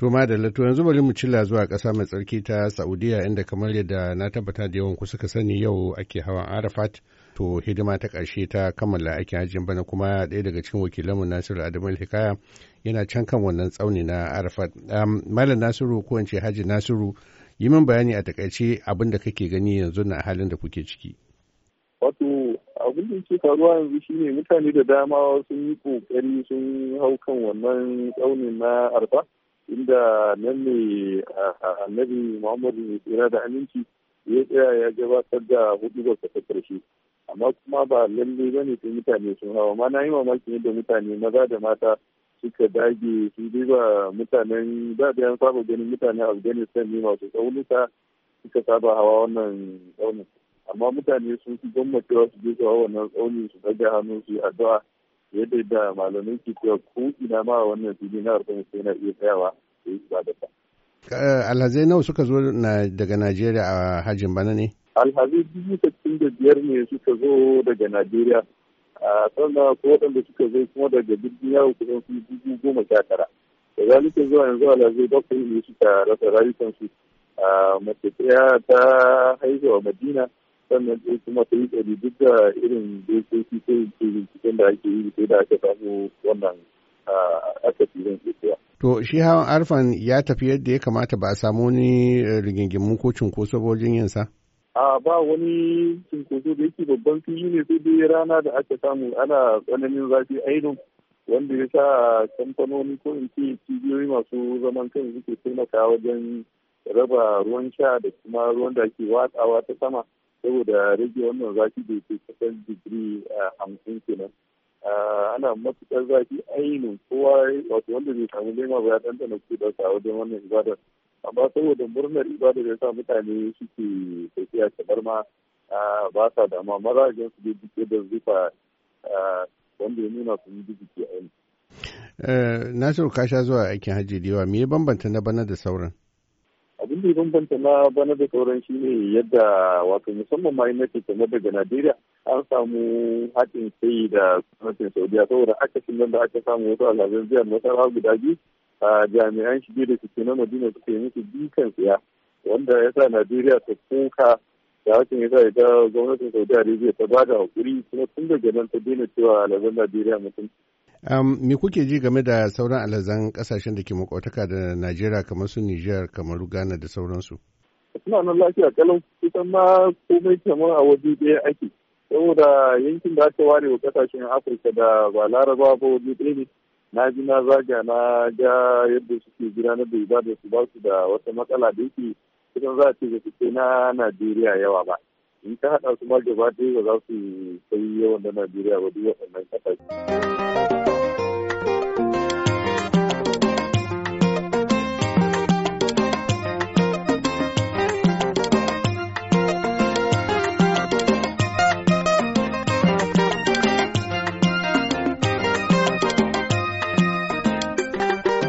To da lato yanzu bari mu cilla zuwa ƙasa mai tsarki ta Saudiya inda kamar yadda na tabbata da yawan ku suka sani yau ake hawan Arafat to hidima ta karshe ta kammala aikin hajjin bana kuma daya daga cikin wakilanmu Nasiru Adamu Hikaya yana can kan wannan tsauni na Arafat. Malam Nasiru ko in ce Haji Nasiru yi min bayani a takaice abin da kake gani yanzu na halin da kuke ciki. Wato abin da ke faruwa yanzu shine mutane da dama sun yi ƙoƙari sun hau kan wannan tsaunin na Arafat. inda nan ne annabi muhammadu mai tsira da aminci ya tsaya ya gabatar da hudu ta karshe amma kuma ba lalle ba ne sai mutane sun hawa ma na yi ne yadda mutane maza da mata suka dage su duba mutanen da da saba ganin mutane afghanistan ne masu tsaunuka suka saba hawa wannan tsaunin amma mutane sun fi gwamnati su je su hawa wannan tsaunin su daga hannu su yi addu'a yadda da malamai ke cewa ko ina ma wannan fili na arfa sai na iya tsayawa da yi ba da ta. Eh, alhazai nawa suka zo daga Najeriya a hajjin bana ne? Alhazai dubu sittin da biyar ne suka zo daga Najeriya. A sannan ko waɗanda suka zo kuma daga birnin yawon kusan su dubu goma sha tara. Da zalika zuwa yanzu alhazai bakwai ne suka rasa rayukansu. Mace ta haihuwa Madina. sannan sai kuma ta yi tsari duk da irin dokoki ko binciken da ake yi sai da aka samu wannan aka filin To shi hawan arfan ya tafi yadda ya kamata ba a samu wani eh, rigingimun ko cunkoso ba wajen yinsa? A ba wani cunkoso da yake babban fili ne sai dai rana da aka samu ana tsananin zafi ainihin wanda ya sa kamfanoni ko in ce cibiyoyi masu zaman kan suke taimaka wajen raba ruwan sha da kuma ruwan da ake watsawa ta sama. saboda rage wannan zafi da ke kusan digiri hamsin kenan ana matuƙar zafi ainihin kowa wato wanda zai samu lema ba ya ɗanɗana su da sa wajen wannan ibadar amma saboda murnar ibadar ya sa mutane suke tafiya kamar ma ba sa dama maza su dai duk da zufa wanda ya nuna su yi jiki a yanzu. Eh, Nasiru ka sha zuwa aikin hajji da yawa me ya bambanta na bana da sauran? inda da bambanta na bana da sauran shi ne yadda wato musamman ma kamar daga najeriya an samu haɗin sai da gwamnatin saudiya saboda aka nan da aka samu wasu alhazan jiyar nasara guda biyu a jami'an shige da suke na madina suka yi musu kan saya wanda ya sa najeriya ta koka da hakan ya sa ita gwamnatin saudi arabia ta ba da haƙuri kuma tun daga nan ta daina cewa alhazin najeriya mutum me kuke ji game da sauran alazan kasashen da ke makwataka da Najeriya kamar su Nijar, kamar Ghana da sauransu? Suna nan lafiya kalan kusan ma komai kamar a waje ɗaya ake. Saboda yankin da aka ware wa kasashen Afirka da ba Larabawa ba waje ɗaya ne. Na ji na zaga na ga yadda suke gudanar da ibada su ba su da wata matsala da yake kusan za a ce da suke na Najeriya yawa ba. In ka haɗa su ma gaba ɗaya ba za su kai yawan da Najeriya ba duk waɗannan kasashe.